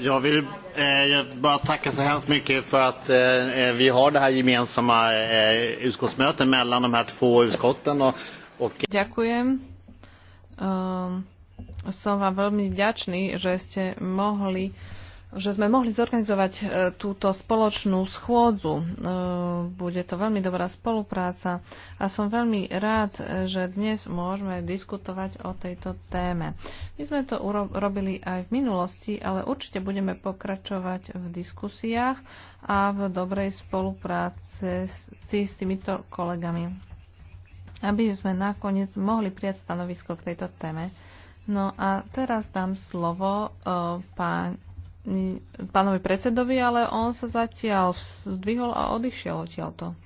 Jag vill eh, jag bara tacka så hemskt mycket för att eh, eh, vi har det här gemensamma eh, utskottsmötet mellan de här två utskotten. Och, och... Ďakujem. Um, som vám veľmi vďačný, že ste mohli uh, že sme mohli zorganizovať e, túto spoločnú schôdzu. E, bude to veľmi dobrá spolupráca a som veľmi rád, e, že dnes môžeme diskutovať o tejto téme. My sme to robili aj v minulosti, ale určite budeme pokračovať v diskusiách a v dobrej spolupráci s týmito kolegami, aby sme nakoniec mohli prijať stanovisko k tejto téme. No a teraz dám slovo uh, pán, pánovi predsedovi, ale on sa zatiaľ zdvihol a odišiel odtiaľto.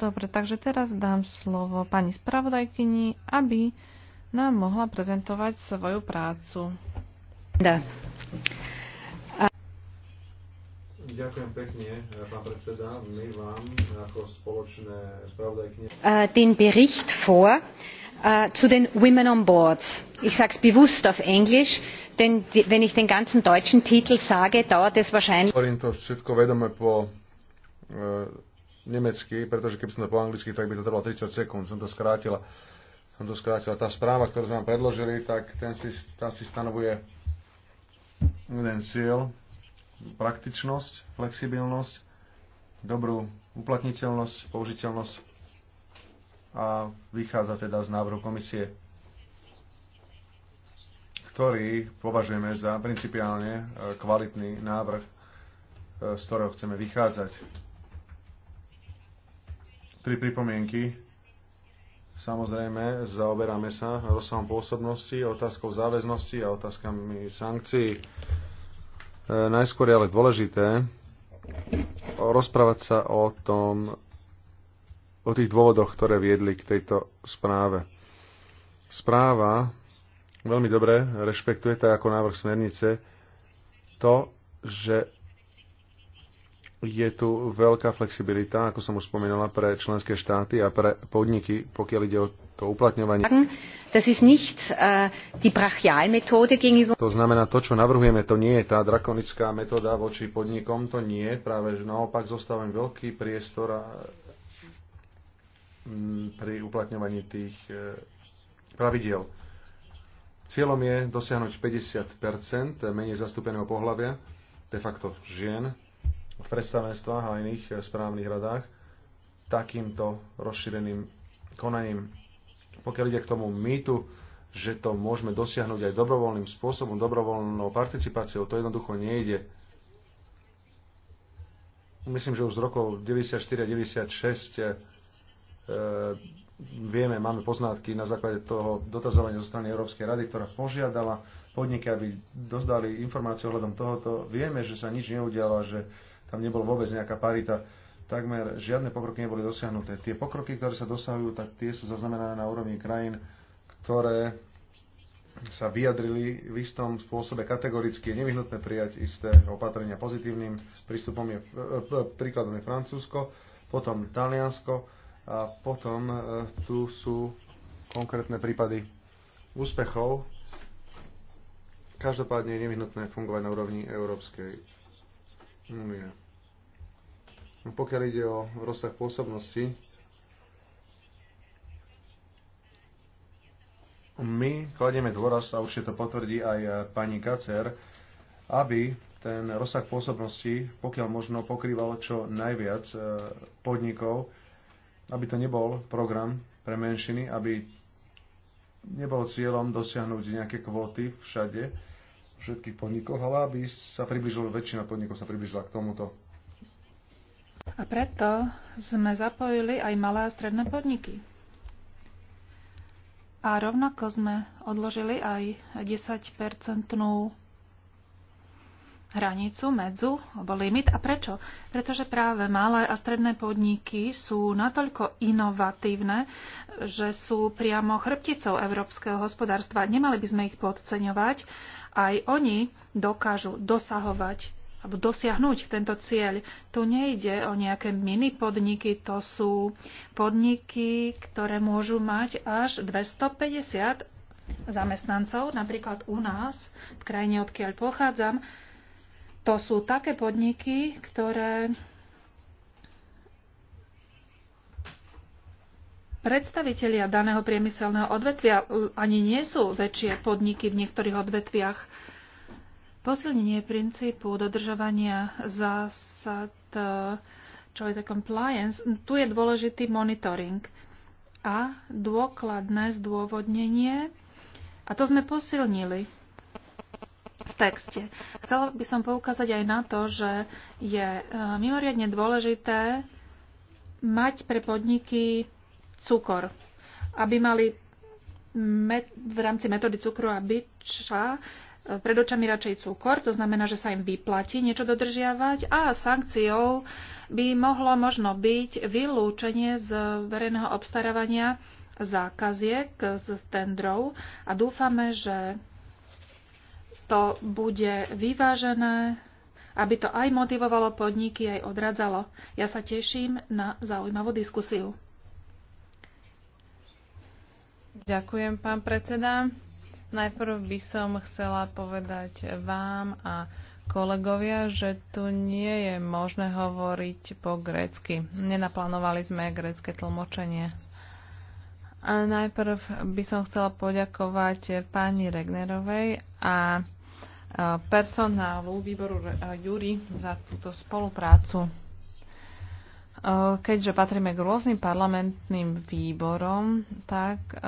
Dobre, takže teraz dám slovo pani spravodajkyni, aby nám mohla prezentovať svoju prácu. Da. Ďakujem pekne, eh, pán predseda. My vám ako spoločné spravodajkne... Uh, äh, den Bericht vor uh, zu den Women on Boards. Ich sage es bewusst auf Englisch, denn die, wenn ich den ganzen deutschen Titel sage, dauert es wahrscheinlich... Hovorím to všetko vedome po uh, nemecky, pretože keby som to po anglicky, tak by to trvalo 30 sekúnd. Som to skrátila. Som to skrátila. Tá správa, ktorú sme vám predložili, tak ten si, tá si stanovuje jeden cieľ, praktičnosť, flexibilnosť, dobrú uplatniteľnosť, použiteľnosť a vychádza teda z návrhu komisie, ktorý považujeme za principiálne e, kvalitný návrh, e, z ktorého chceme vychádzať. Tri pripomienky. Samozrejme, zaoberáme sa rozsahom pôsobnosti, otázkou záväznosti a otázkami sankcií E, najskôr je ale dôležité rozprávať sa o tom, o tých dôvodoch, ktoré viedli k tejto správe. Správa veľmi dobre rešpektuje, tak ako návrh smernice, to, že je tu veľká flexibilita, ako som už spomínala, pre členské štáty a pre podniky, pokiaľ ide o to uplatňovanie. Äh, to znamená, to, čo navrhujeme, to nie je tá drakonická metóda voči podnikom, to nie, je práve že naopak zostávam veľký priestor pri uplatňovaní tých e, pravidiel. Cieľom je dosiahnuť 50 menej zastúpeného pohľavia, de facto žien, v predstavenstvách a iných eh, správnych radách takýmto rozšíreným konaním. Pokiaľ ide k tomu mýtu, že to môžeme dosiahnuť aj dobrovoľným spôsobom, dobrovoľnou participáciou, to jednoducho nejde. Myslím, že už z rokov 94 a 96 e, eh, vieme, máme poznátky na základe toho dotazovania zo strany Európskej rady, ktorá požiadala podniky, aby dozdali informácie ohľadom tohoto. Vieme, že sa nič neudialo, že tam nebolo vôbec nejaká parita. Takmer žiadne pokroky neboli dosiahnuté. Tie pokroky, ktoré sa dosahujú, tak tie sú zaznamenané na úrovni krajín, ktoré sa vyjadrili v istom spôsobe kategoricky. Je nevyhnutné prijať isté opatrenia pozitívnym prístupom je, e, e, príkladom je Francúzsko, potom Taliansko a potom e, tu sú konkrétne prípady úspechov. Každopádne je nevyhnutné fungovať na úrovni Európskej únie. Pokiaľ ide o rozsah pôsobnosti, my kladieme dôraz, a určite to potvrdí aj pani Kacer, aby ten rozsah pôsobnosti, pokiaľ možno pokrýval čo najviac e, podnikov, aby to nebol program pre menšiny, aby nebol cieľom dosiahnuť nejaké kvóty všade, všetkých podnikov, ale aby sa približila väčšina podnikov sa približila k tomuto a preto sme zapojili aj malé a stredné podniky. A rovnako sme odložili aj 10-percentnú hranicu, medzu, alebo limit. A prečo? Pretože práve malé a stredné podniky sú natoľko inovatívne, že sú priamo chrbticou európskeho hospodárstva. Nemali by sme ich podceňovať. Aj oni dokážu dosahovať alebo dosiahnuť tento cieľ. Tu nejde o nejaké mini podniky, to sú podniky, ktoré môžu mať až 250 zamestnancov, napríklad u nás, v krajine, odkiaľ pochádzam. To sú také podniky, ktoré Predstavitelia daného priemyselného odvetvia ani nie sú väčšie podniky v niektorých odvetviach Posilnenie princípu dodržovania zásad, čo je compliance, tu je dôležitý monitoring a dôkladné zdôvodnenie. A to sme posilnili v texte. Chcela by som poukázať aj na to, že je e, mimoriadne dôležité mať pre podniky cukor, aby mali v rámci metódy cukru a byča pred očami radšej cukor, to znamená, že sa im vyplatí niečo dodržiavať a sankciou by mohlo možno byť vylúčenie z verejného obstarávania zákaziek z tendrov a dúfame, že to bude vyvážené, aby to aj motivovalo podniky, aj odradzalo. Ja sa teším na zaujímavú diskusiu. Ďakujem, pán predseda. Najprv by som chcela povedať vám a kolegovia, že tu nie je možné hovoriť po grécky. Nenaplánovali sme grécke tlmočenie. A najprv by som chcela poďakovať pani Regnerovej a e, personálu výboru Jury za túto spoluprácu. Eh, keďže patríme k rôznym parlamentným výborom, tak eh,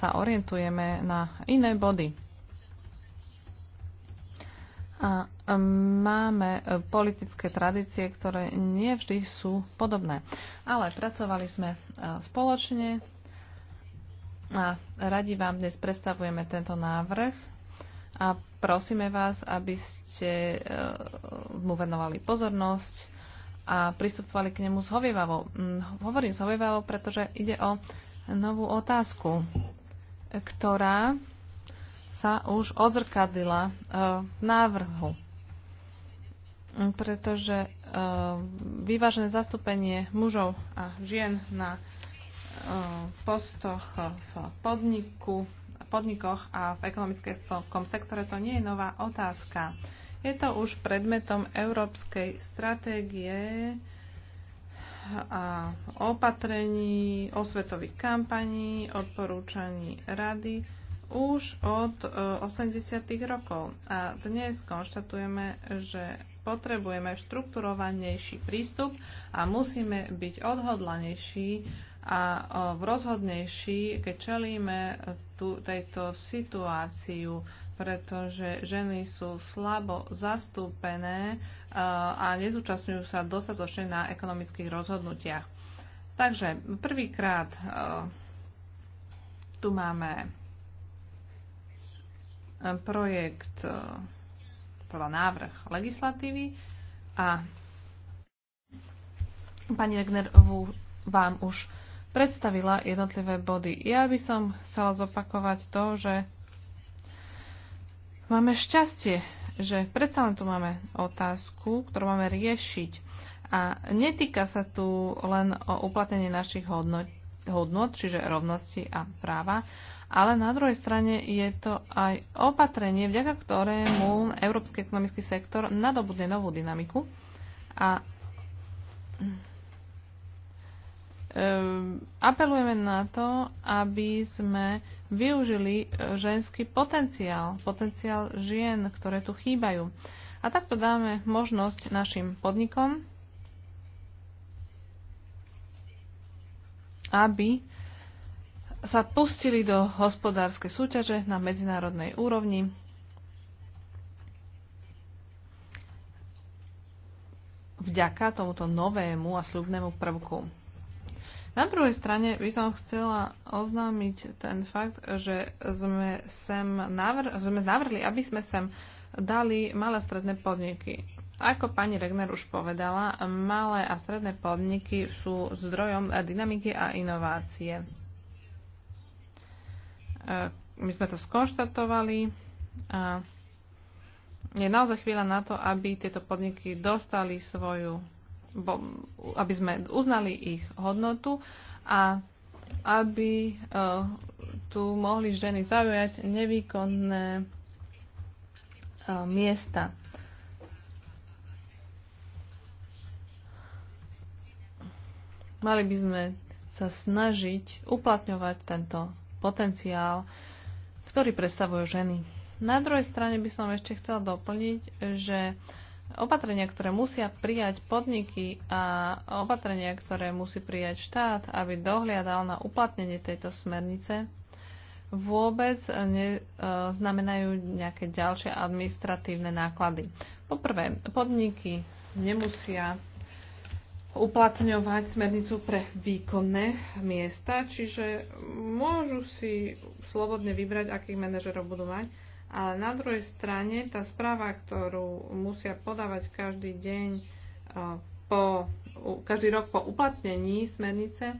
sa orientujeme na iné body. A eh, máme politické tradície, ktoré nevždy sú podobné. Ale pracovali sme spoločne a radi vám dnes predstavujeme tento návrh a prosíme vás, aby ste mu venovali pozornosť a pristupovali k nemu zhovievavo. Mm, hovorím zhovievavo, pretože ide o novú otázku, ktorá sa už odrkadila e, v návrhu. Pretože e, vyvážené zastúpenie mužov a žien na e, postoch v podniku, podnikoch a v ekonomickom sektore to nie je nová otázka je to už predmetom európskej stratégie a opatrení, osvetových kampaní, odporúčaní rady už od 80. E, rokov. A dnes konštatujeme, že potrebujeme štrukturovanejší prístup a musíme byť odhodlanejší a rozhodnejší, keď čelíme tú, tejto situáciu, pretože ženy sú slabo zastúpené e, a nezúčastňujú sa dostatočne na ekonomických rozhodnutiach. Takže prvýkrát e, tu máme e, projekt, teda návrh legislatívy a pani Regner vám už predstavila jednotlivé body. Ja by som chcela zopakovať to, že máme šťastie, že predsa len tu máme otázku, ktorú máme riešiť. A netýka sa tu len o uplatnenie našich hodnot, hodnot čiže rovnosti a práva, ale na druhej strane je to aj opatrenie, vďaka ktorému európsky ekonomický sektor nadobudne novú dynamiku a Ehm, apelujeme na to, aby sme využili e, ženský potenciál, potenciál žien, ktoré tu chýbajú. A takto dáme možnosť našim podnikom, aby sa pustili do hospodárskej súťaže na medzinárodnej úrovni. vďaka tomuto novému a sľubnému prvku. Na druhej strane by som chcela oznámiť ten fakt, že sme, sem navr- sme navrli, aby sme sem dali malé stredné podniky. Ako pani Regner už povedala, malé a stredné podniky sú zdrojom dynamiky a inovácie. E, my sme to skonštatovali a je naozaj chvíľa na to, aby tieto podniky dostali svoju aby sme uznali ich hodnotu a aby e, tu mohli ženy zaujať nevýkonné e, miesta. Mali by sme sa snažiť uplatňovať tento potenciál, ktorý predstavujú ženy. Na druhej strane by som ešte chcela doplniť, že e, opatrenia, ktoré musia prijať podniky a opatrenia, ktoré musí prijať štát, aby dohliadal na uplatnenie tejto smernice, vôbec neznamenajú e, nejaké ďalšie administratívne náklady. Poprvé, podniky nemusia uplatňovať smernicu pre výkonné miesta, čiže môžu si slobodne vybrať, akých manažerov budú mať ale na druhej strane tá správa, ktorú musia podávať každý deň e, po, každý rok po uplatnení smernice,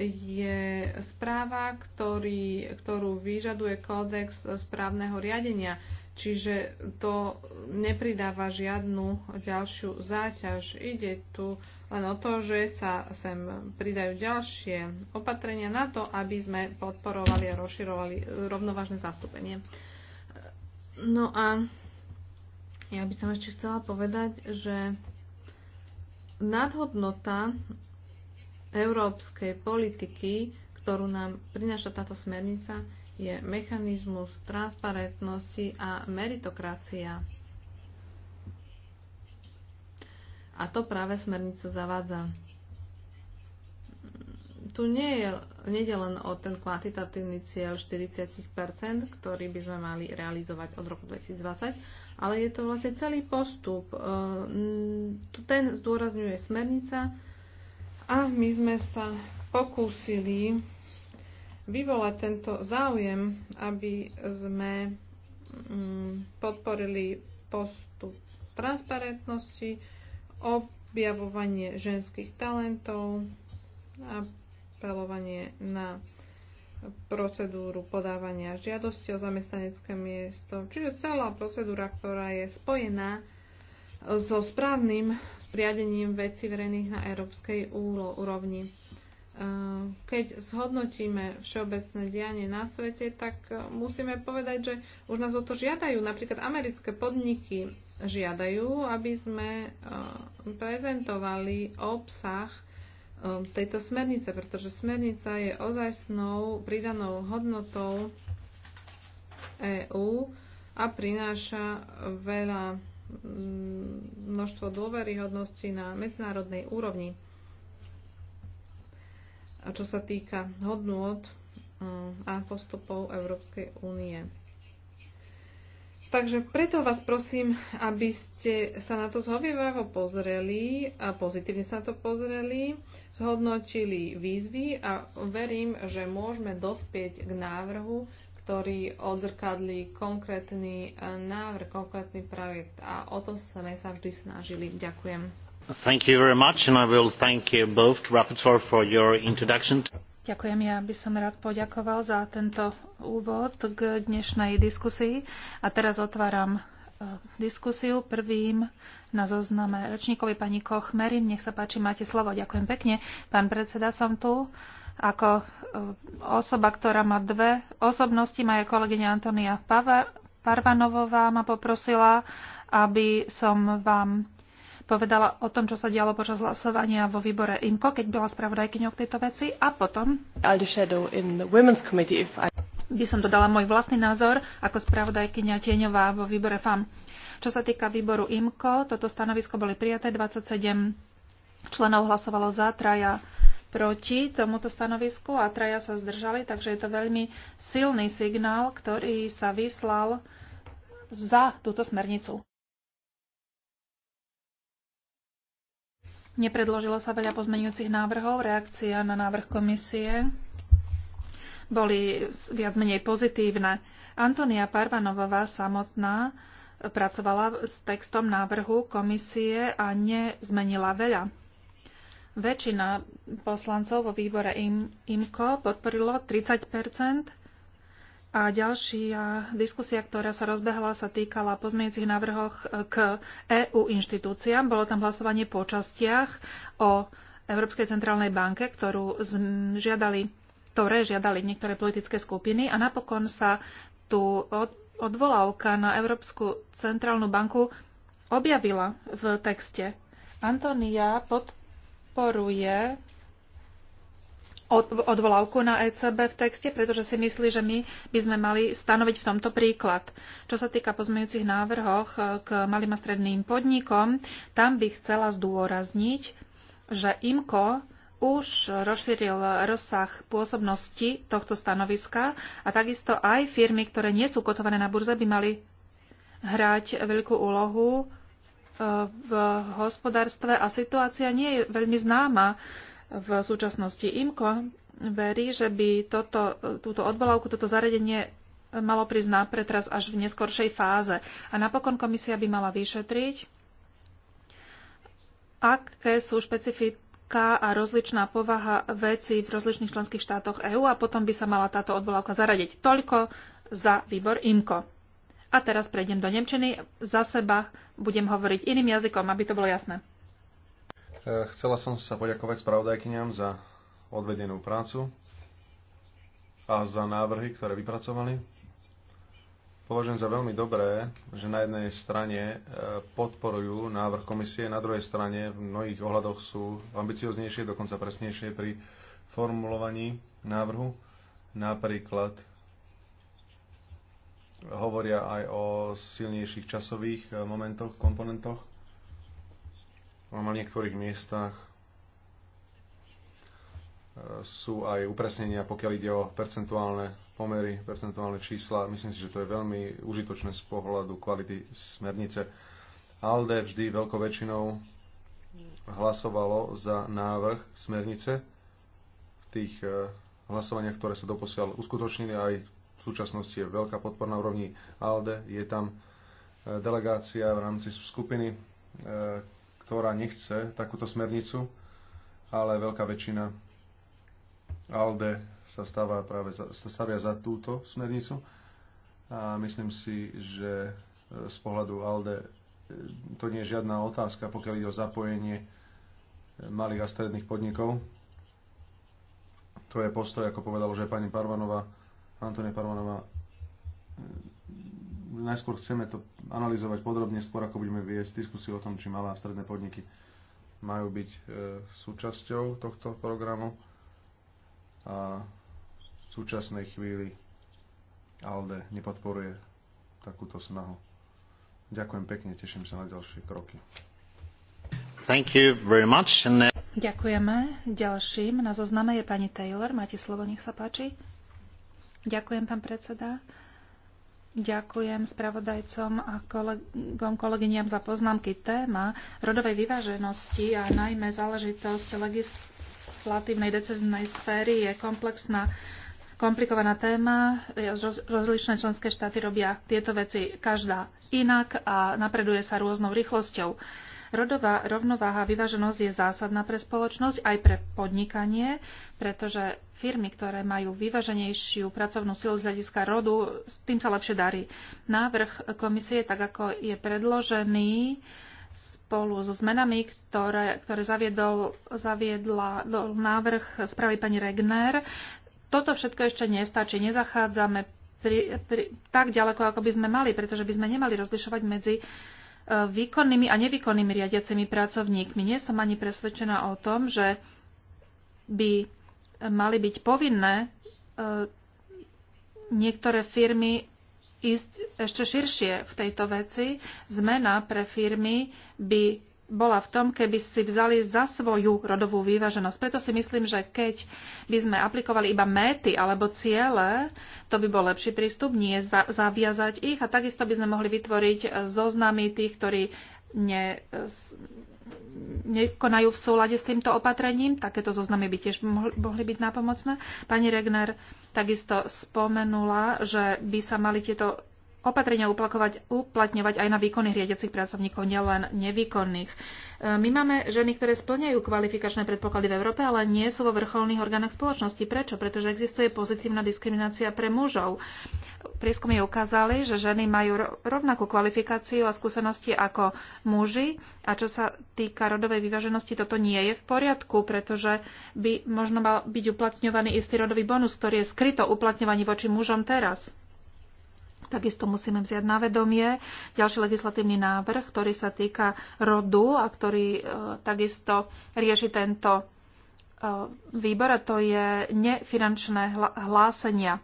je správa, ktorý, ktorú vyžaduje kódex správneho riadenia. Čiže to nepridáva žiadnu ďalšiu záťaž. Ide tu len o to, že sa sem pridajú ďalšie opatrenia na to, aby sme podporovali a rozširovali rovnovážne zastúpenie. No a ja by som ešte chcela povedať, že nadhodnota európskej politiky, ktorú nám prináša táto smernica, je mechanizmus transparentnosti a meritokracia. A to práve smernica zavádza tu nie je, je len o ten kvantitatívny cieľ 40%, ktorý by sme mali realizovať od roku 2020, ale je to vlastne celý postup. E, ten zdôrazňuje smernica a my sme sa pokúsili vyvolať tento záujem, aby sme mm, podporili postup transparentnosti, objavovanie ženských talentov a apelovanie na procedúru podávania žiadosti o zamestnanecké miesto. Čiže celá procedúra, ktorá je spojená so správnym spriadením veci verejných na európskej úrovni. E, keď zhodnotíme všeobecné dianie na svete, tak e, musíme povedať, že už nás o to žiadajú. Napríklad americké podniky žiadajú, aby sme e, prezentovali obsah Um, tejto smernice, pretože smernica je ozajstnou pridanou hodnotou EÚ a prináša veľa mm, množstvo dôveryhodnosti na medzinárodnej úrovni. A čo sa týka hodnôt um, a postupov Európskej únie. Takže preto vás prosím, aby ste sa na to zhovievavo pozreli a pozitívne sa na to pozreli, zhodnotili výzvy a verím, že môžeme dospieť k návrhu, ktorý odzrkadlí konkrétny e, návrh, konkrétny projekt a o to sme sa vždy snažili. Ďakujem. Thank you very much and I will thank you both, Rapporteur, for your introduction. Ďakujem. Ja by som rád poďakoval za tento úvod k dnešnej diskusii. A teraz otváram e, diskusiu. Prvým na zozname ročníkovi pani Kochmerin. Nech sa páči, máte slovo. Ďakujem pekne. Pán predseda, som tu ako e, osoba, ktorá má dve osobnosti. Moja kolegyňa Antonia Parvanovová ma poprosila, aby som vám povedala o tom, čo sa dialo počas hlasovania vo výbore IMCO, keď bola spravodajkyňou k tejto veci a potom by som dodala môj vlastný názor ako spravodajkyňa Tieňová vo výbore FAM. Čo sa týka výboru IMCO, toto stanovisko boli prijaté, 27 členov hlasovalo za, traja proti tomuto stanovisku a traja sa zdržali, takže je to veľmi silný signál, ktorý sa vyslal za túto smernicu. Nepredložilo sa veľa pozmenujúcich návrhov. Reakcia na návrh komisie boli viac menej pozitívne. Antonia Parvanovová samotná pracovala s textom návrhu komisie a nezmenila veľa. Väčšina poslancov vo výbore IMCO podporilo 30 a ďalšia diskusia, ktorá sa rozbehla, sa týkala pozmeňujúcich návrhoch k EU inštitúciám. Bolo tam hlasovanie po častiach o Európskej centrálnej banke, ktorú žiadali, ktoré žiadali niektoré politické skupiny. A napokon sa tu odvolávka na Európsku centrálnu banku objavila v texte. Antonia podporuje odvolávku na ECB v texte, pretože si myslí, že my by sme mali stanoviť v tomto príklad. Čo sa týka pozmeňujúcich návrhoch eh, k malým a stredným podnikom, tam by chcela zdôrazniť, že IMCO už rozšíril rozsah pôsobnosti tohto stanoviska a takisto aj firmy, ktoré nie sú kotované na burze, by mali hrať veľkú úlohu eh, v hospodárstve a situácia nie je veľmi známa v súčasnosti. IMKO verí, že by toto, túto odvolávku, toto zariadenie malo prísť na pretras až v neskoršej fáze. A napokon komisia by mala vyšetriť, aké sú špecifika a rozličná povaha veci v rozličných členských štátoch EÚ a potom by sa mala táto odvolávka zaradiť. Toľko za výbor IMKO. A teraz prejdem do Nemčiny. Za seba budem hovoriť iným jazykom, aby to bolo jasné. Eh, chcela som sa poďakovať spravodajkyniam za odvedenú prácu a za návrhy, ktoré vypracovali. Považujem za veľmi dobré, že na jednej strane eh, podporujú návrh komisie, na druhej strane v mnohých ohľadoch sú ambicioznejšie, dokonca presnejšie pri formulovaní návrhu. Napríklad hovoria aj o silnejších časových eh, momentoch, komponentoch na niektorých miestach e, sú aj upresnenia, pokiaľ ide o percentuálne pomery, percentuálne čísla. Myslím si, že to je veľmi užitočné z pohľadu kvality smernice. ALDE vždy veľkou väčšinou hlasovalo za návrh smernice v tých e, hlasovaniach, ktoré sa doposiaľ uskutočnili. Aj v súčasnosti je veľká podpora na úrovni ALDE. Je tam e, delegácia v rámci skupiny ktorá nechce takúto smernicu, ale veľká väčšina ALDE sa stáva práve za, stavia za túto smernicu a myslím si, že e, z pohľadu ALDE e, to nie je žiadna otázka, pokiaľ ide o zapojenie e, malých a stredných podnikov. To je postoj, ako povedal už aj pani Parvanová, Antonia Parvanova, najskôr chceme to analyzovať podrobne, skôr ako budeme viesť diskusiu o tom, či malé a stredné podniky majú byť e, súčasťou tohto programu. A v súčasnej chvíli ALDE nepodporuje takúto snahu. Ďakujem pekne, teším sa na ďalšie kroky. Thank you very much. Ďakujeme. Ďalším na zozname je pani Taylor. Máte slovo, nech sa páči. Ďakujem, pán predseda. Ďakujem spravodajcom a kolegom, kolegyniam za poznámky. Téma rodovej vyváženosti a najmä záležitosť legislatívnej deceznej sféry je komplexná komplikovaná téma. Rozličné členské štáty robia tieto veci každá inak a napreduje sa rôznou rýchlosťou. Rodová rovnováha a vyváženosť je zásadná pre spoločnosť aj pre podnikanie, pretože firmy, ktoré majú vyváženejšiu pracovnú silu z hľadiska rodu, s tým sa lepšie darí. Návrh komisie, tak ako je predložený, spolu so zmenami, ktoré, ktoré zaviedol, zaviedla do návrh správy pani Regner. Toto všetko ešte nestačí. Nezachádzame pri, pri, tak ďaleko, ako by sme mali, pretože by sme nemali rozlišovať medzi uh, výkonnými a nevýkonnými riadiacimi pracovníkmi. Nie som ani presvedčená o tom, že by mali byť povinné e, niektoré firmy ísť ešte širšie v tejto veci. Zmena pre firmy by bola v tom, keby si vzali za svoju rodovú vyváženosť. Preto si myslím, že keď by sme aplikovali iba méty alebo ciele, to by bol lepší prístup, nie za- zaviazať ich a takisto by sme mohli vytvoriť e, zoznamy tých, ktorí ne, nekonajú v súlade s týmto opatrením. Takéto zoznamy by tiež mohli, mohli byť nápomocné. Pani Regner takisto spomenula, že by sa mali tieto opatrenia uplatňovať aj na výkonných riadiacich pracovníkov, nielen nevýkonných. E, my máme ženy, ktoré splňajú kvalifikačné predpoklady v Európe, ale nie sú vo vrcholných orgánoch spoločnosti. Prečo? Pretože existuje pozitívna diskriminácia pre mužov. Prieskumy ukázali, že ženy majú rovnakú kvalifikáciu a skúsenosti ako muži a čo sa týka rodovej vyváženosti, toto nie je v poriadku, pretože by možno mal byť uplatňovaný istý rodový bonus, ktorý je skryto uplatňovaný voči mužom teraz. Takisto musíme vziať na vedomie ďalší legislatívny návrh, ktorý sa týka rodu a ktorý e, takisto rieši tento e, výbor a to je nefinančné hlásenia.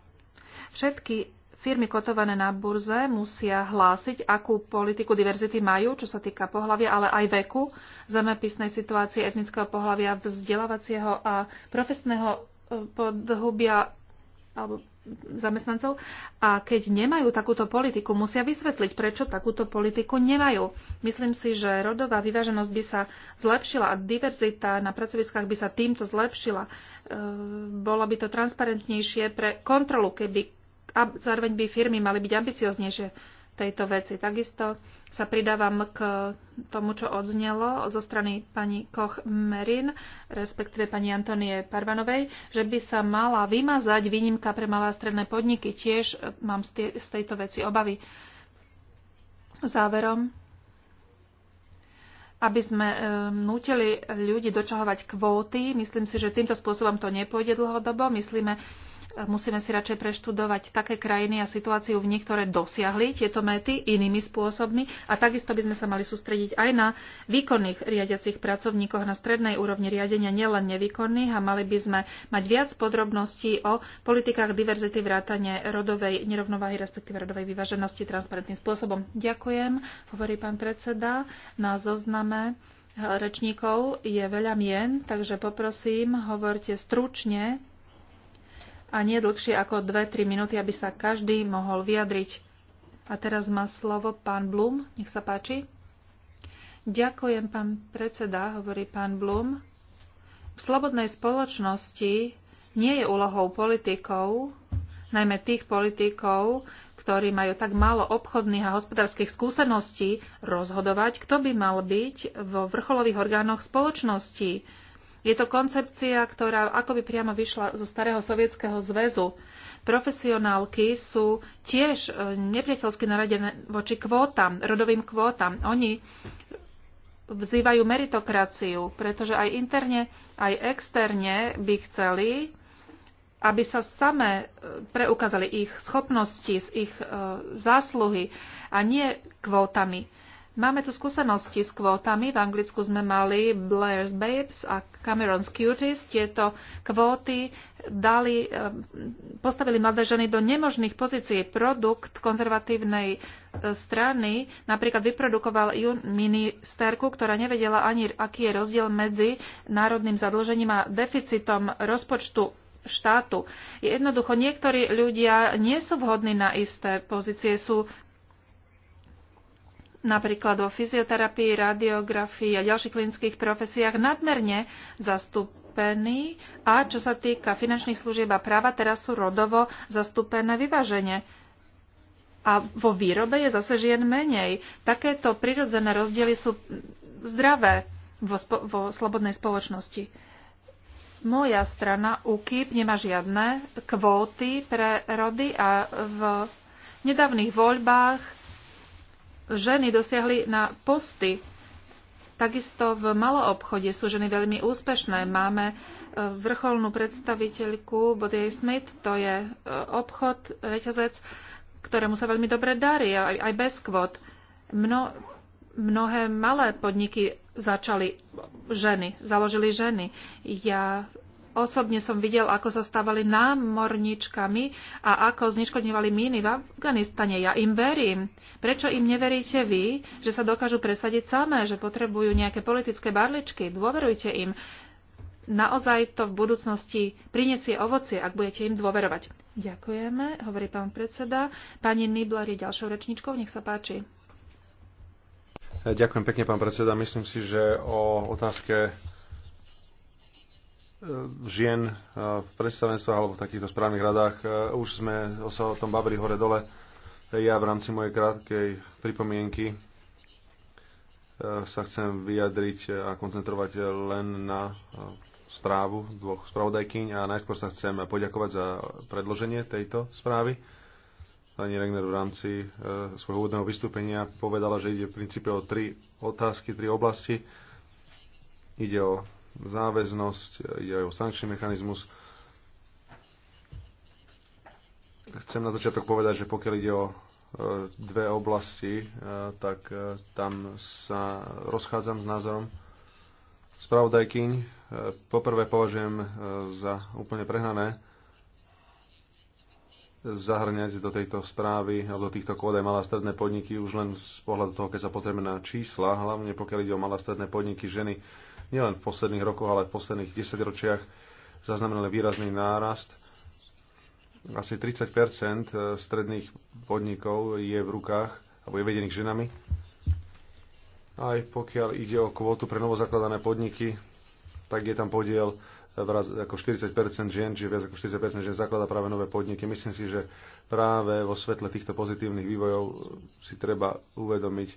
Všetky firmy kotované na burze musia hlásiť, akú politiku diverzity majú, čo sa týka pohľavia, ale aj veku, zemepisnej situácie, etnického pohľavia, vzdelávacieho a profesného e, podhubia alebo zamestnancov a keď nemajú takúto politiku, musia vysvetliť, prečo takúto politiku nemajú. Myslím si, že rodová vyváženosť by sa zlepšila a diverzita na pracoviskách by sa týmto zlepšila. E, bolo by to transparentnejšie pre kontrolu, keby a zároveň by firmy mali byť ambicioznejšie tejto veci. Takisto sa pridávam k tomu, čo odznelo zo strany pani Koch-Merin, respektíve pani Antonie Parvanovej, že by sa mala vymazať výnimka pre malé a stredné podniky. Tiež mám z tejto veci obavy. Záverom, aby sme e, nutili ľudí dočahovať kvóty, myslím si, že týmto spôsobom to nepôjde dlhodobo. Myslíme, musíme si radšej preštudovať také krajiny a situáciu v nich, ktoré dosiahli tieto mety inými spôsobmi a takisto by sme sa mali sústrediť aj na výkonných riadiacich pracovníkoch na strednej úrovni riadenia, nielen nevýkonných a mali by sme mať viac podrobností o politikách diverzity vrátane rodovej nerovnováhy, respektíve rodovej vyváženosti transparentným spôsobom. Ďakujem, hovorí pán predseda. Na zozname eh, rečníkov je veľa mien, takže poprosím, hovorte stručne a nie dlhšie ako 2-3 minúty, aby sa každý mohol vyjadriť. A teraz má slovo pán Blum. Nech sa páči. Ďakujem, pán predseda, hovorí pán Blum. V slobodnej spoločnosti nie je úlohou politikov, najmä tých politikov, ktorí majú tak málo obchodných a hospodárskych skúseností, rozhodovať, kto by mal byť vo vrcholových orgánoch spoločnosti je to koncepcia, ktorá akoby priamo vyšla zo starého sovietského zväzu. Profesionálky sú tiež e, nepriateľsky naradené voči kvótam, rodovým kvótam. Oni vzývajú meritokraciu, pretože aj interne, aj externe by chceli, aby sa samé e, preukázali ich schopnosti, ich e, zásluhy a nie kvótami. Máme tu skúsenosti s kvótami. V Anglicku sme mali Blair's Babes a Cameron's Cuties. Tieto kvóty dali, eh, postavili mladé ženy do nemožných pozícií. Produkt konzervatívnej eh, strany napríklad vyprodukoval ju ministerku, ktorá nevedela ani, aký je rozdiel medzi národným zadlžením a deficitom rozpočtu štátu. Jednoducho niektorí ľudia nie sú vhodní na isté pozície, sú napríklad o fyzioterapii, radiografii a ďalších klinických profesiách nadmerne zastúpení a čo sa týka finančných služieb a práva, teraz sú rodovo zastúpené vyváženie. A vo výrobe je zase žien menej. Takéto prirodzené rozdiely sú zdravé vo, spo- vo slobodnej spoločnosti. Moja strana UKIP nemá žiadne kvóty pre rody a v nedávnych voľbách ženy dosiahli na posty. Takisto v maloobchode sú ženy veľmi úspešné. Máme e, vrcholnú predstaviteľku Bodie Smith, to je e, obchod, reťazec, ktorému sa veľmi dobre darí, aj, aj bez kvot. Mno, mnohé malé podniky začali ženy, založili ženy. Ja Osobne som videl, ako sa stávali námorničkami a ako zniškodňovali míny v Afganistane. Ja im verím. Prečo im neveríte vy, že sa dokážu presadiť samé, že potrebujú nejaké politické barličky? Dôverujte im. Naozaj to v budúcnosti prinesie ovocie, ak budete im dôverovať. Ďakujeme, hovorí pán predseda. Pani Nibler je ďalšou rečničkou, nech sa páči. Ďakujem pekne, pán predseda. Myslím si, že o otázke E, žien e, v predstavenstvách alebo v takýchto správnych radách. E, už sme sa o tom bavili hore-dole. Ja v rámci mojej krátkej pripomienky sa chcem vyjadriť a koncentrovať len na správu dvoch spravodajkyň a najskôr sa chcem poďakovať za predloženie tejto správy. Pani Regner v rámci svojho úvodného vystúpenia povedala, že ide v princípe o tri otázky, tri oblasti. Ide o záväznosť, o sankčný mechanizmus. Chcem na začiatok povedať, že pokiaľ ide o e, dve oblasti, e, tak e, tam sa rozchádzam s názorom spravodajkyň. Poprvé považujem za úplne prehnané zahrňať do tejto správy alebo do týchto kód aj malé a stredné podniky už len z pohľadu toho, keď sa pozrieme na čísla, hlavne pokiaľ ide o malé a stredné podniky ženy nielen v posledných rokoch, ale aj v posledných desaťročiach zaznamenali výrazný nárast. Asi 30 e, stredných podnikov je v rukách alebo je vedených ženami. Aj pokiaľ ide o kvotu pre novozakladané podniky, tak je tam podiel e, ako 40 žien, čiže viac ako 40 žien zaklada práve nové podniky. Myslím si, že práve vo svetle týchto pozitívnych vývojov si treba uvedomiť,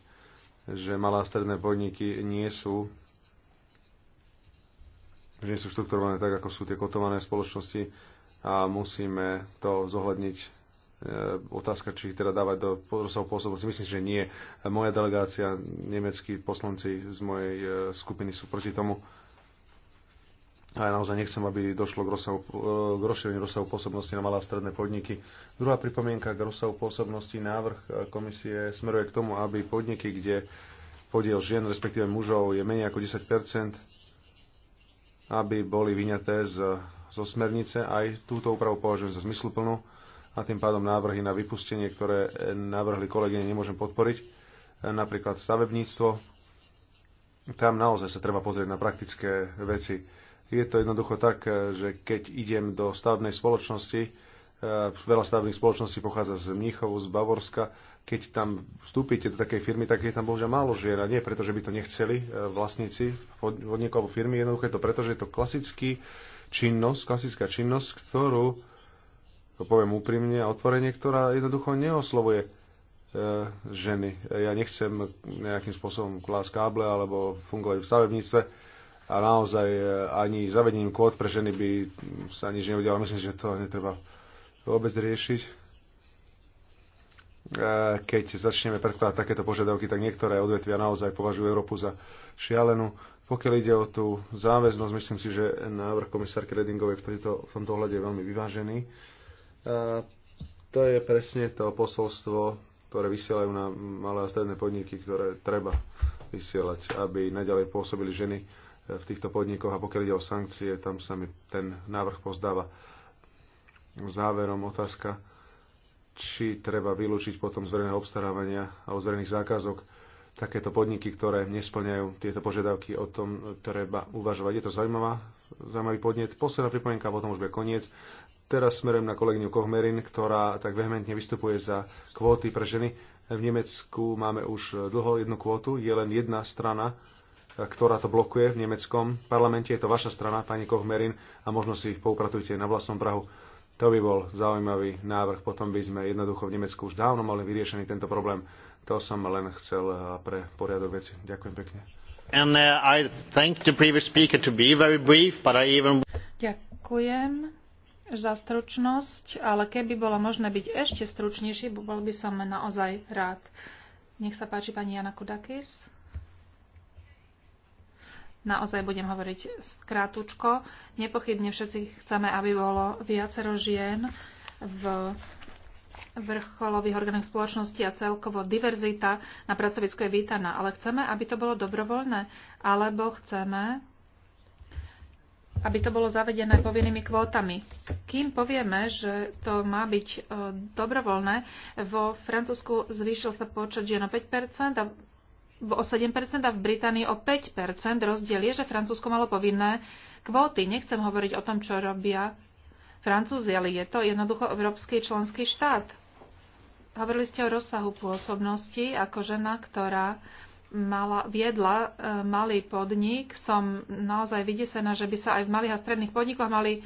že malé a stredné podniky nie sú že nie sú štrukturované tak, ako sú tie kotované spoločnosti a musíme to zohľadniť e, otázka, či ich teda dávať do rozsahu pôsobnosti. Myslím, že nie. Moja delegácia, nemeckí poslanci z mojej e, skupiny sú proti tomu. A ja naozaj nechcem, aby došlo k, rozsahu, e, k rozšíreniu rozsahu pôsobnosti na malé a stredné podniky. Druhá pripomienka k rozsahu pôsobnosti. Návrh komisie smeruje k tomu, aby podniky, kde podiel žien, respektíve mužov, je menej ako 10 aby boli vyňaté z, zo smernice. Aj túto úpravu považujem za zmysluplnú a tým pádom návrhy na vypustenie, ktoré navrhli kolegyne, nemôžem podporiť. Napríklad stavebníctvo. Tam naozaj sa treba pozrieť na praktické veci. Je to jednoducho tak, že keď idem do stavebnej spoločnosti, Eh, veľa stavebných spoločností pochádza z Mníchovu, z Bavorska. Keď tam vstúpite do takej firmy, tak je tam bohužiaľ málo žien. A nie preto, že by to nechceli eh, vlastníci podnikov alebo firmy. Jednoduché to preto, že je to klasický činnosť, klasická činnosť, ktorú, to poviem úprimne a otvorenie, ktorá jednoducho neoslovuje e, ženy. Ja nechcem nejakým spôsobom klásť káble alebo fungovať v stavebníctve a naozaj ani zavedením kvót pre ženy by sa nič neudialo. Myslím, že to netreba vôbec riešiť. Keď začneme predkladať takéto požiadavky, tak niektoré odvetvia naozaj považujú Európu za šialenú. Pokiaľ ide o tú záväznosť, myslím si, že návrh komisárky Redingovej v, tejto, v tomto ohľade je veľmi vyvážený. A to je presne to posolstvo, ktoré vysielajú na malé a stredné podniky, ktoré treba vysielať, aby naďalej pôsobili ženy v týchto podnikoch a pokiaľ ide o sankcie, tam sa mi ten návrh pozdáva záverom otázka, či treba vylúčiť potom z verejného obstarávania a z verejných zákazok takéto podniky, ktoré nesplňajú tieto požiadavky, o tom treba uvažovať. Je to zaujímavá, zaujímavý podnet. Posledná pripomienka, potom už bude koniec. Teraz smerujem na kolegyňu Kohmerin, ktorá tak vehementne vystupuje za kvóty pre ženy. V Nemecku máme už dlho jednu kvótu, je len jedna strana, ktorá to blokuje v nemeckom parlamente. Je to vaša strana, pani Kohmerin, a možno si ich poupratujte na vlastnom Prahu. To by bol zaujímavý návrh. Potom by sme jednoducho v Nemecku už dávno mali vyriešený tento problém. To som len chcel eh, pre poriadok veci. Ďakujem pekne. And, uh, I thank the to be very brief, but I even... Ďakujem za stručnosť, ale keby bolo možné byť ešte stručnejší, bol by som naozaj rád. Nech sa páči pani Jana Kudakis. Naozaj budem hovoriť krátučko. Nepochybne všetci chceme, aby bolo viacero žien v vrcholových orgánoch spoločnosti a celkovo diverzita na pracovisku je vítaná. Ale chceme, aby to bolo dobrovoľné, alebo chceme, aby to bolo zavedené povinnými kvótami. Kým povieme, že to má byť e, dobrovoľné, vo Francúzsku zvýšil sa počet žien o 5% a o 7% a v Británii o 5%. Rozdiel je, že Francúzsko malo povinné kvóty. Nechcem hovoriť o tom, čo robia Francúzi, ale je to jednoducho európsky členský štát. Hovorili ste o rozsahu pôsobnosti. Ako žena, ktorá mala, viedla e, malý podnik, som naozaj vydesená, že by sa aj v malých a stredných podnikoch mali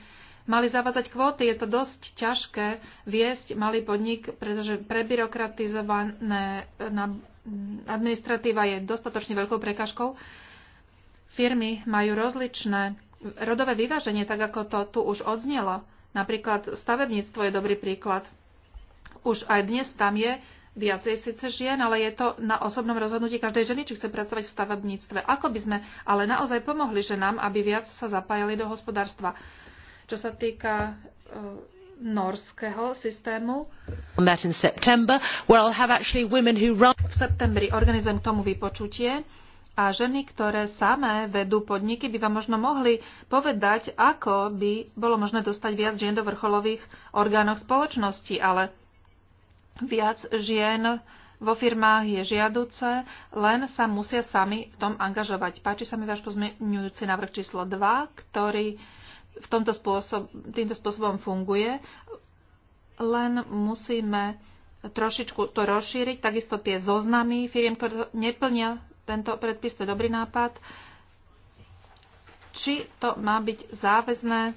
mali zavázať kvóty. Je to dosť ťažké viesť malý podnik, pretože prebyrokratizované na administratíva je dostatočne veľkou prekážkou. Firmy majú rozličné rodové vyváženie, tak ako to tu už odznelo. Napríklad stavebníctvo je dobrý príklad. Už aj dnes tam je viacej síce žien, ale je to na osobnom rozhodnutí každej ženy, či chce pracovať v stavebníctve. Ako by sme ale naozaj pomohli ženám, aby viac sa zapájali do hospodárstva. Čo sa týka e, norského systému. V septembri organizujem k tomu vypočutie a ženy, ktoré samé vedú podniky, by vám možno mohli povedať, ako by bolo možné dostať viac žien do vrcholových orgánoch spoločnosti, ale viac žien vo firmách je žiaduce, len sa musia sami v tom angažovať. Páči sa mi váš pozmeňujúci návrh číslo 2, ktorý v tomto spôsob, týmto spôsobom funguje, len musíme trošičku to rozšíriť. Takisto tie zoznamy firiem, ktoré neplnia tento predpis, to je dobrý nápad. Či to má byť záväzné,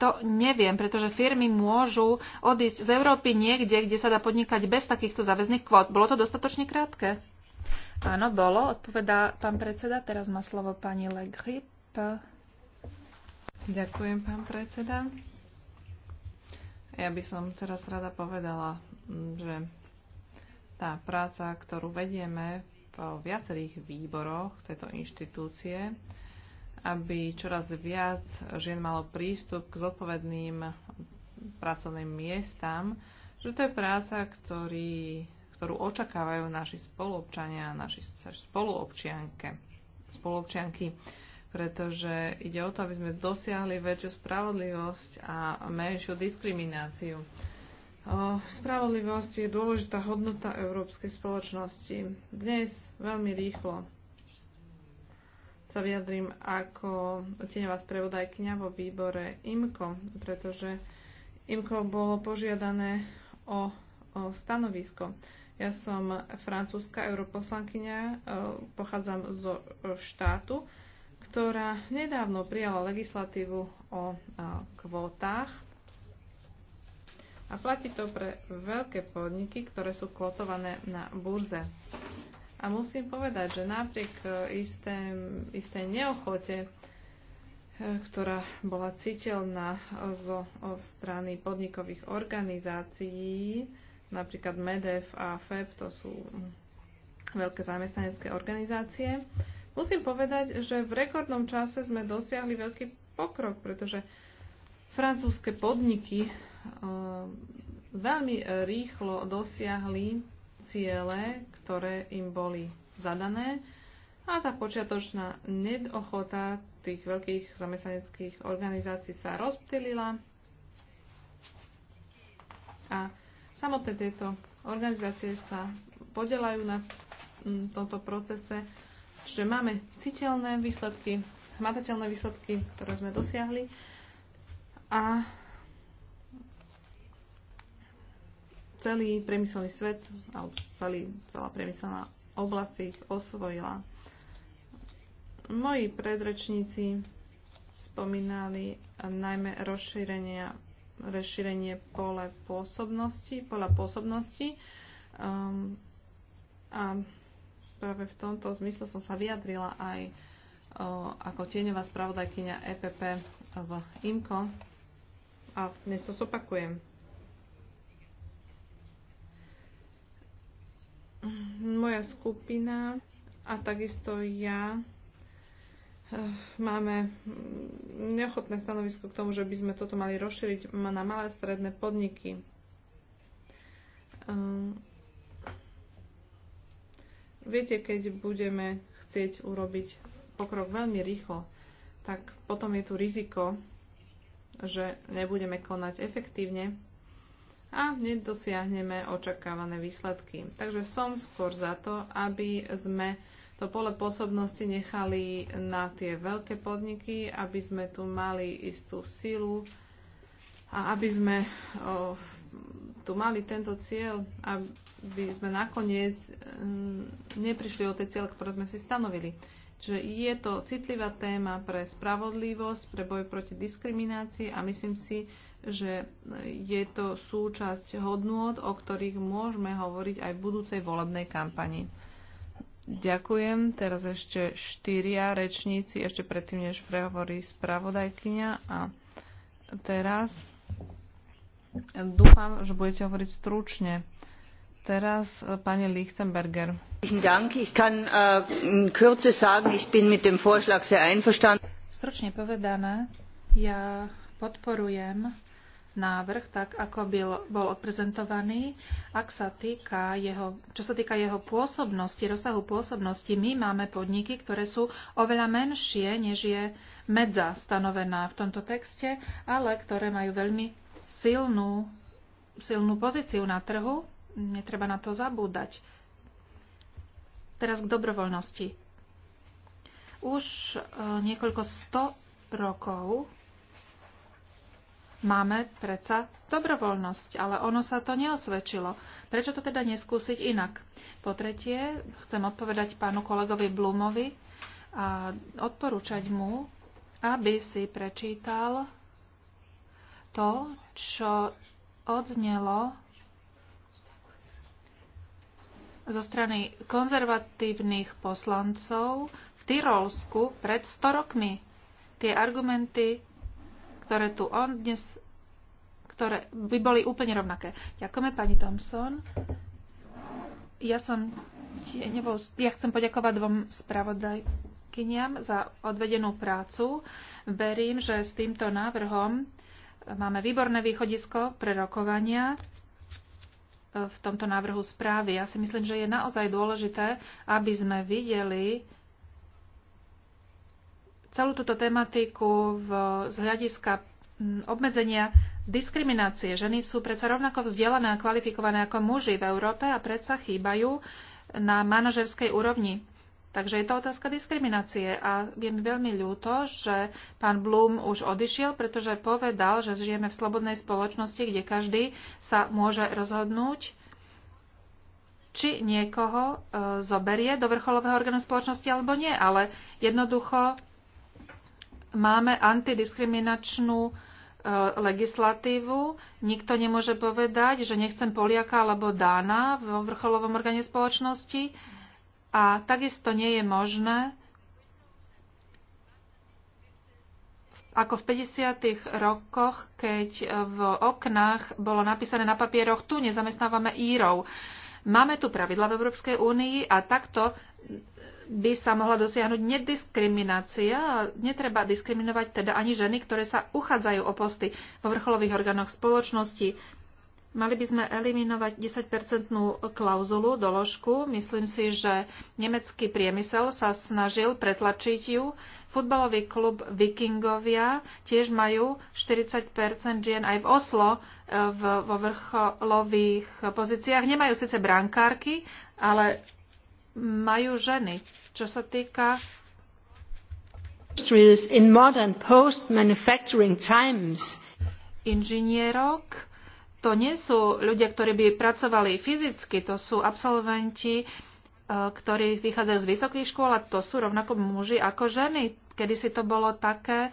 to neviem, pretože firmy môžu odísť z Európy niekde, kde sa dá podnikať bez takýchto záväzných kvót. Bolo to dostatočne krátke? Áno, bolo, odpovedá pán predseda. Teraz má slovo pani Legrip. Ďakujem, pán predseda. Ja by som teraz rada povedala, že tá práca, ktorú vedieme v viacerých výboroch tejto inštitúcie, aby čoraz viac žien malo prístup k zodpovedným pracovným miestam, že to je práca, ktorý, ktorú očakávajú naši spoluobčania, naši spoluobčianke, spoluobčianky. spoluobčianky pretože ide o to, aby sme dosiahli väčšiu spravodlivosť a menšiu diskrimináciu. Spravodlivosť je dôležitá hodnota európskej spoločnosti. Dnes veľmi rýchlo sa vyjadrím ako tieňová sprevodajkyňa vo výbore IMKO, pretože IMKO bolo požiadané o, o stanovisko. Ja som francúzska europoslankyňa, e, pochádzam zo štátu, ktorá nedávno prijala legislatívu o kvótach a platí to pre veľké podniky, ktoré sú kvotované na burze. A musím povedať, že napriek e, isté, istej neochote, e, ktorá bola citeľná e, zo strany podnikových organizácií, napríklad MEDEF a FEB, to sú veľké zamestnanecké organizácie, Musím povedať, že v rekordnom čase sme dosiahli veľký pokrok, pretože francúzske podniky eh, veľmi rýchlo dosiahli ciele, ktoré im boli zadané a tá počiatočná nedochota tých veľkých zamestnaneckých organizácií sa rozptýlila a samotné tieto organizácie sa podelajú na mm, tomto procese Čiže máme citeľné výsledky, hmatateľné výsledky, ktoré sme dosiahli a celý priemyselný svet, alebo celý, celá priemyselná oblasť ich osvojila. Moji predrečníci spomínali najmä rozšírenia, rozšírenie pole pôsobnosti, pola pôsobnosti um, a práve v tomto zmysle som sa vyjadrila aj o, ako tieňová spravodajkynia EPP v IMCO a dnes to zopakujem. Moja skupina a takisto ja eh, máme neochotné stanovisko k tomu, že by sme toto mali rozšíriť na malé stredné podniky. Ehm, Viete, keď budeme chcieť urobiť pokrok veľmi rýchlo, tak potom je tu riziko, že nebudeme konať efektívne a nedosiahneme očakávané výsledky. Takže som skôr za to, aby sme to pole pôsobnosti nechali na tie veľké podniky, aby sme tu mali istú silu a aby sme tu mali tento cieľ, aby by sme nakoniec mm, neprišli o tie cieľe, ktoré sme si stanovili. Čiže je to citlivá téma pre spravodlivosť, pre boj proti diskriminácii a myslím si, že je to súčasť hodnôt, o ktorých môžeme hovoriť aj v budúcej volebnej kampani. Ďakujem. Teraz ešte štyria rečníci, ešte predtým, než prehovorí spravodajkyňa. A teraz dúfam, že budete hovoriť stručne Teraz e, pani Lichtenberger. Äh, Stručne povedané, ja podporujem návrh, tak ako byl, bol odprezentovaný, ak sa týka jeho, čo sa týka jeho pôsobnosti, rozsahu pôsobnosti, my máme podniky, ktoré sú oveľa menšie, než je medza stanovená v tomto texte, ale ktoré majú veľmi silnú, silnú pozíciu na trhu Netreba na to zabúdať. Teraz k dobrovoľnosti. Už e, niekoľko sto rokov máme predsa dobrovoľnosť, ale ono sa to neosvedčilo. Prečo to teda neskúsiť inak? Po tretie, chcem odpovedať pánu kolegovi Blumovi a odporúčať mu, aby si prečítal to, čo odznelo zo strany konzervatívnych poslancov v Tyrolsku pred 100 rokmi. Tie argumenty, ktoré tu on dnes ktoré by boli úplne rovnaké. Ďakujeme pani Thompson. Ja som ja chcem poďakovať dvom spravodajkyniam za odvedenú prácu. Verím, že s týmto návrhom máme výborné východisko pre rokovania v tomto návrhu správy. Ja si myslím, že je naozaj dôležité, aby sme videli celú túto tematiku v, z hľadiska obmedzenia diskriminácie. Ženy sú predsa rovnako vzdelané a kvalifikované ako muži v Európe a predsa chýbajú na manažerskej úrovni. Takže je to otázka diskriminácie a je mi veľmi ľúto, že pán Blum už odišiel, pretože povedal, že žijeme v slobodnej spoločnosti, kde každý sa môže rozhodnúť, či niekoho e, zoberie do vrcholového orgánu spoločnosti alebo nie. Ale jednoducho máme antidiskriminačnú e, legislatívu. Nikto nemôže povedať, že nechcem Poliaka alebo Dána vo vrcholovom orgáne spoločnosti. E, a takisto nie je možné, ako v 50. rokoch, keď v oknách bolo napísané na papieroch, tu nezamestnávame Írov. Máme tu pravidla v Európskej únii a takto by sa mohla dosiahnuť nediskriminácia a netreba diskriminovať teda ani ženy, ktoré sa uchádzajú o posty vo vrcholových orgánoch spoločnosti. Mali by sme eliminovať 10-percentnú klauzulu, doložku. Myslím si, že nemecký priemysel sa snažil pretlačiť ju. Futbalový klub Vikingovia tiež majú 40 žien aj v Oslo e, v, vo vrcholových pozíciách. Nemajú síce brankárky, ale majú ženy. Čo sa týka in modern post-manufacturing times. Inžinierok, to nie sú ľudia, ktorí by pracovali fyzicky, to sú absolventi, e, ktorí vychádzajú z vysokých škôl a to sú rovnako muži ako ženy. Kedy si to bolo také e,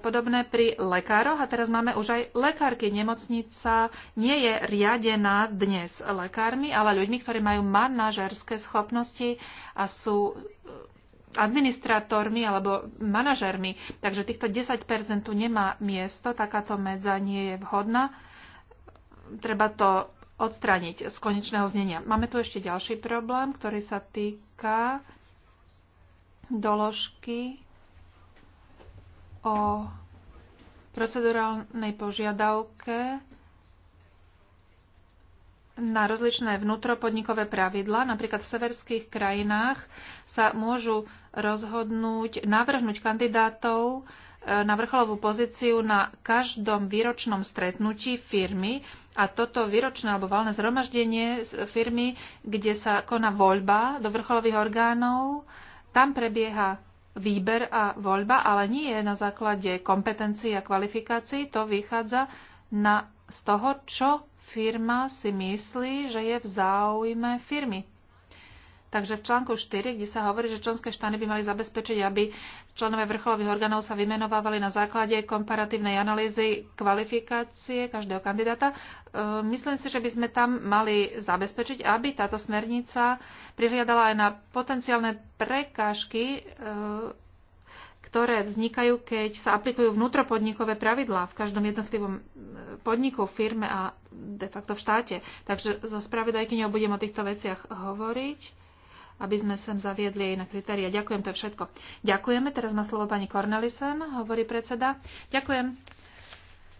podobné pri lekároch a teraz máme už aj lekárky. Nemocnica nie je riadená dnes lekármi, ale ľuďmi, ktorí majú manažerské schopnosti a sú e, administrátormi alebo manažermi. Takže týchto 10% nemá miesto, takáto medza nie je vhodná treba to odstrániť z konečného znenia. Máme tu ešte ďalší problém, ktorý sa týka doložky o procedurálnej požiadavke na rozličné vnútropodnikové pravidla. Napríklad v severských krajinách sa môžu rozhodnúť, navrhnúť kandidátov eh, na vrcholovú pozíciu na každom výročnom stretnutí firmy, a toto výročné alebo valné zhromaždenie firmy, kde sa koná voľba do vrcholových orgánov, tam prebieha výber a voľba, ale nie je na základe kompetencií a kvalifikácií. To vychádza na, z toho, čo firma si myslí, že je v záujme firmy. Takže v článku 4, kde sa hovorí, že členské štáty by mali zabezpečiť, aby členové vrcholových orgánov sa vymenovávali na základe komparatívnej analýzy kvalifikácie každého kandidáta, e, myslím si, že by sme tam mali zabezpečiť, aby táto smernica prihliadala aj na potenciálne prekážky, e, ktoré vznikajú, keď sa aplikujú vnútropodnikové pravidlá v každom jednotlivom e, podniku, firme a de facto v štáte. Takže zo spravedajkyňou budem o týchto veciach hovoriť aby sme sem zaviedli aj na kritéria. Ďakujem, to je všetko. Ďakujeme. Teraz má slovo pani Cornelisen, hovorí predseda. Ďakujem.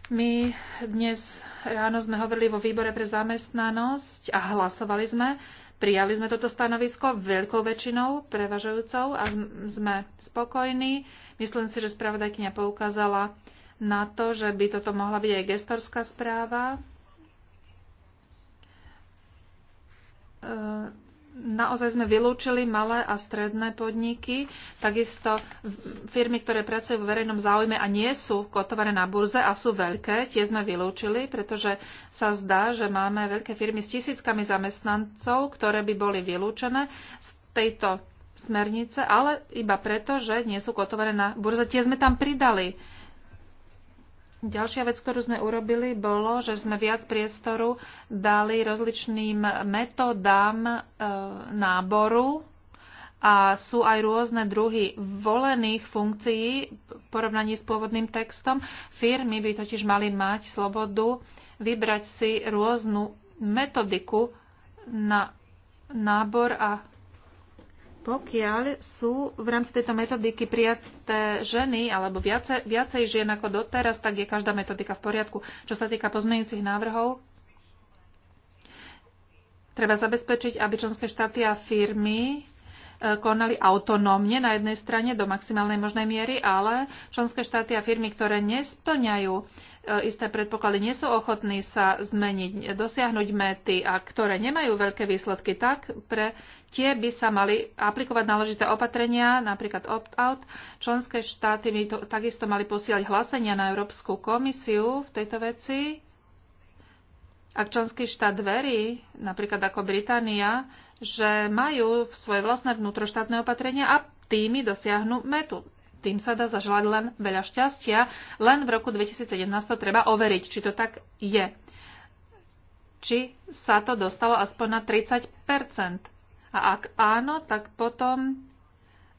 My dnes ráno sme hovorili vo výbore pre zamestnanosť a hlasovali sme. Prijali sme toto stanovisko veľkou väčšinou, prevažujúcou a sme spokojní. Myslím si, že spravodajkynia poukázala na to, že by toto mohla byť aj gestorská správa. E, naozaj sme vylúčili malé a stredné podniky, takisto firmy, ktoré pracujú v verejnom záujme a nie sú kotované na burze a sú veľké, tie sme vylúčili, pretože sa zdá, že máme veľké firmy s tisíckami zamestnancov, ktoré by boli vylúčené z tejto smernice, ale iba preto, že nie sú kotované na burze. Tie sme tam pridali Ďalšia vec, ktorú sme urobili, bolo, že sme viac priestoru dali rozličným metodám e, náboru a sú aj rôzne druhy volených funkcií v porovnaní s pôvodným textom. Firmy by totiž mali mať slobodu vybrať si rôznu metodiku na nábor a pokiaľ sú v rámci tejto metodiky prijaté ženy alebo viacej, viacej žien ako doteraz, tak je každá metodika v poriadku. Čo sa týka pozmeňujúcich návrhov, treba zabezpečiť, aby členské štáty a firmy E, konali autonómne na jednej strane do maximálnej možnej miery, ale členské štáty a firmy, ktoré nesplňajú e, isté predpoklady, nie sú ochotní sa zmeniť, dosiahnuť mety a ktoré nemajú veľké výsledky, tak pre tie by sa mali aplikovať náležité opatrenia, napríklad opt-out. Členské štáty by to, takisto mali posielať hlásenia na Európsku komisiu v tejto veci. Ak členský štát verí, napríklad ako Británia, že majú svoje vlastné vnútroštátne opatrenia a tými dosiahnu metu. Tým sa dá zaželať len veľa šťastia. Len v roku 2017 to treba overiť, či to tak je. Či sa to dostalo aspoň na 30 A ak áno, tak potom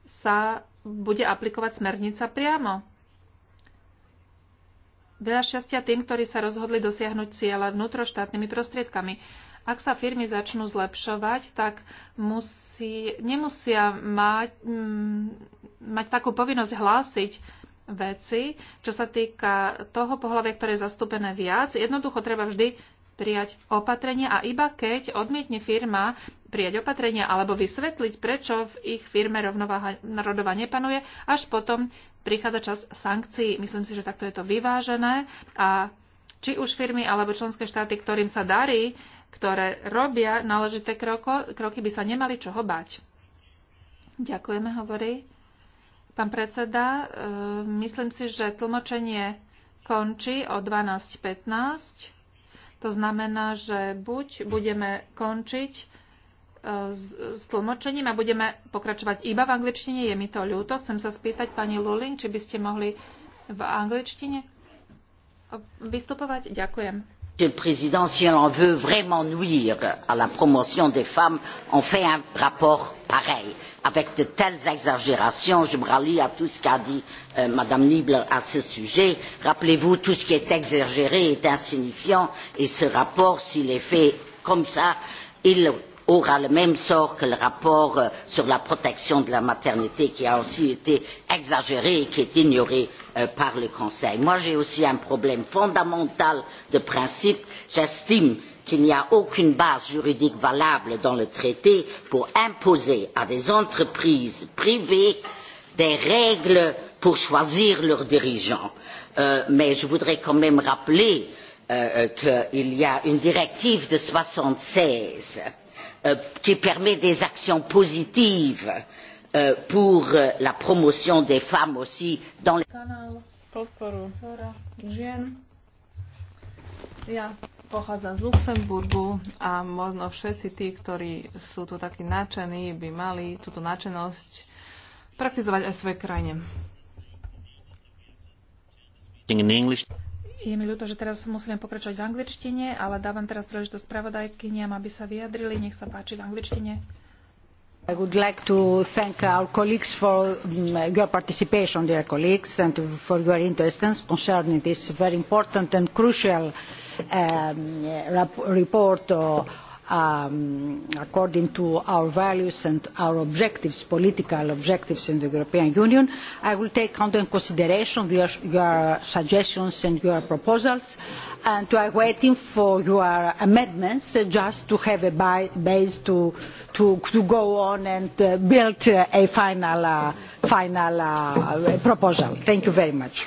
sa bude aplikovať smernica priamo. Veľa šťastia tým, ktorí sa rozhodli dosiahnuť cieľa vnútroštátnymi prostriedkami. Ak sa firmy začnú zlepšovať, tak musí, nemusia mať, mm, mať takú povinnosť hlásiť veci, čo sa týka toho pohľavia, ktoré je zastúpené viac. Jednoducho treba vždy prijať opatrenia a iba keď odmietne firma prijať opatrenia alebo vysvetliť, prečo v ich firme rovnováha narodová nepanuje, až potom prichádza čas sankcií. Myslím si, že takto je to vyvážené a či už firmy alebo členské štáty, ktorým sa darí ktoré robia náležité kroko, kroky, by sa nemali čoho báť. Ďakujeme, hovorí pán predseda. E, myslím si, že tlmočenie končí o 12.15. To znamená, že buď budeme končiť e, s, s tlmočením a budeme pokračovať iba v angličtine. Je mi to ľúto. Chcem sa spýtať pani Lulin, či by ste mohli v angličtine vystupovať. Ďakujem. Monsieur le Président, si on veut vraiment nuire à la promotion des femmes, on fait un rapport pareil. Avec de telles exagérations, je me rallie à tout ce qu'a dit euh, Mme Niebler à ce sujet. Rappelez-vous, tout ce qui est exagéré est insignifiant et ce rapport, s'il est fait comme cela, il aura le même sort que le rapport euh, sur la protection de la maternité qui a aussi été exagéré et qui est ignoré Euh, par le Conseil. Moi, j'ai aussi un problème fondamental de principe. J'estime qu'il n'y a aucune base juridique valable dans le traité pour imposer à des entreprises privées des règles pour choisir leurs dirigeants. Euh, mais je voudrais quand même rappeler euh, euh qu'il y a une directive de soixante seize euh, qui permet des actions positives euh, Euh, pour euh, la promotion des femmes aussi dans les Ja pochádzam z Luxemburgu a možno všetci tí, ktorí sú tu takí nadšení, by mali túto nadšenosť praktizovať aj svoje krajine. Je mi ľúto, že teraz musíme pokračovať v angličtine, ale dávam teraz príležitosť spravodajkyniam, aby sa vyjadrili. Nech sa páči v angličtine. I would like to thank our colleagues for mm, your participation, dear colleagues, and for your interest concerning this very important and crucial um, report uh, um, according to our values and our objectives, political objectives in the European Union. I will take into consideration your, your suggestions and your proposals, and I am waiting for your amendments just to have a base to, to, to go on and uh, build a final, uh, final uh, proposal. Thank you very much.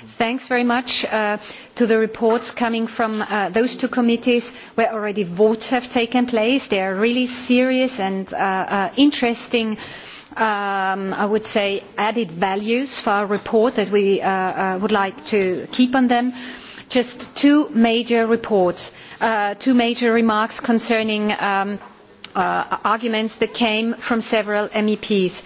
thanks very much uh, to the reports coming from uh, those two committees where already votes have taken place. They are really serious and uh, uh interesting um, I would say added values for our report that we uh, uh, would like to keep on them. Just two major reports, two major remarks concerning um, arguments that came from several MEPs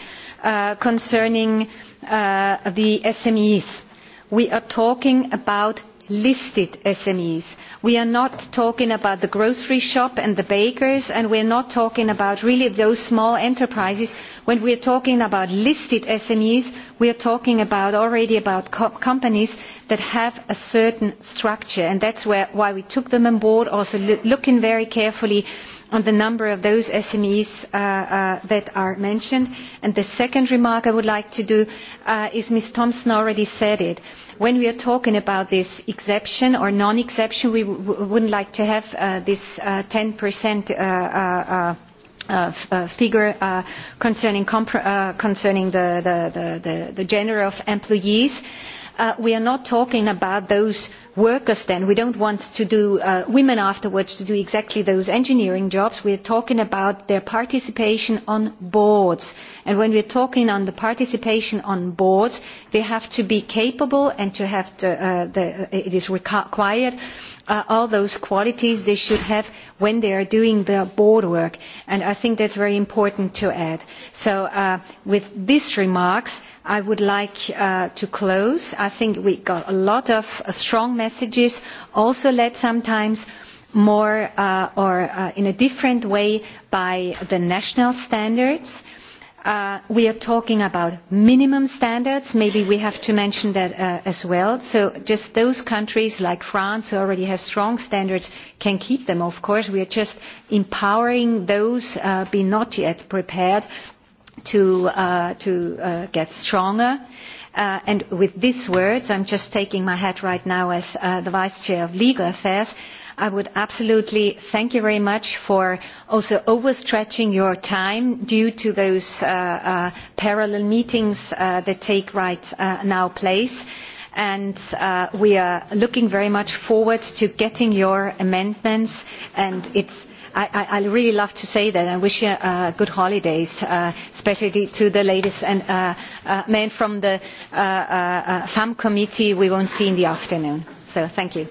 concerning the SMEs we are talking about listed smes. we are not talking about the grocery shop and the bakers and we are not talking about really those small enterprises. when we are talking about listed smes we are talking about already about companies that have a certain structure and that is why we took them on board also looking very carefully at on the number of those SMEs uh, uh, that are mentioned. And the second remark I would like to do uh, is Ms. Thompson already said it. When we are talking about this exception or non-exception, we would not like to have this ten figure concerning, the, the, the, the gender of employees. Uh, we are not talking about those workers then we do not want to do uh, women afterwards to do exactly those engineering jobs we are talking about their participation on boards and when we are talking about the participation on boards they have to be capable and to have uh, it is required uh, all those qualities they should have when they are doing their board work and I think that is very important to add. So uh, with these remarks I would like to close. I think we got a lot of strong messages also led sometimes more or in a different way by the national standards. Uh, we are talking about minimum standards maybe we have to mention that uh, as well so just those countries like france who already have strong standards can keep them of course we are just empowering those who uh, are not yet prepared to, get stronger and with these words i am just taking my hat right now as the vice chair of legal affairs i would absolutely thank you very much for also overstretching your time due to those uh, uh, parallel meetings uh, that take right now place and we are looking very much forward to getting your amendments and it's I, I, I really love to say that I wish you uh, good holidays, uh, especially to the ladies and uh, uh, men from the uh, uh, FAM committee we won't see in the afternoon. So thank you.